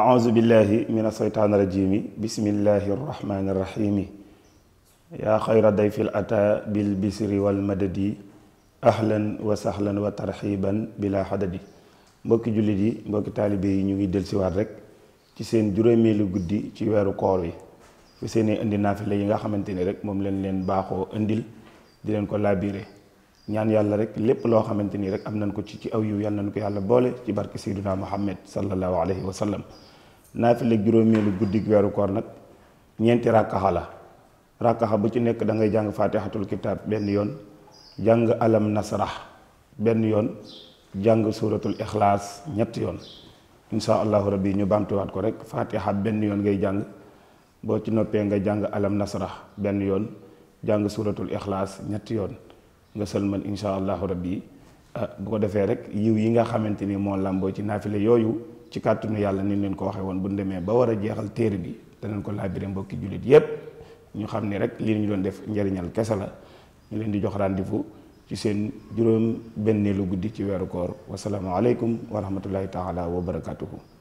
أعوذ بالله من الشيطان الرجيم بسم الله الرحمن الرحيم يا خير ضيف الأتى بالبسر والمدد أهلا وسهلا وترحيبا بلا حدد مبكي جلدي مبكي طالبي نيغي دلسي وات رك تي سين جوروميل غودي تي ويرو كور وي في سيني اندي نافله ييغا خامتيني رك موم لين لين باخو انديل دي لين كو لابيري ñaan yàlla rek lépp loo xamante rek am nañ ko ci ci aw yu yàlla nañ ko yàlla boole ci barke sayduna muhammad sallallahu alayhi wa sallam naafileeg juróomeelu guddig weeru koor nag ñeenti rakkaxa la rakkaxa bu ci nekk da ngay jàng fatihatul kitab benn yoon jàng alam nasrah benn yoon jàng suratul ikhlas ñett yoon insha allahu rabbi ñu bamtuwaat ko rek fatiha benn yoon ngay jàng boo ci noppee nga jàng alam nasrah benn yoon jàng suratul ikhlas ñett yoon nga sëlmal insha allahu rabbi ah, bu ko defee rek yiw yi nga xamante ni moo làmboo ci naafile yooyu ci kàttanu yàlla ni leen ko waxee woon bu demee ba war a jeexal téere bi danañ ko laabire mbokki jullit yépp ñu xam ni rek li ñu doon def njariñal kese la ñu leen di jox rendez ci seen juróom benneelu guddi ci weeru koor wasalaamu aleykum wa rahmatullahi taala wa barakatuhu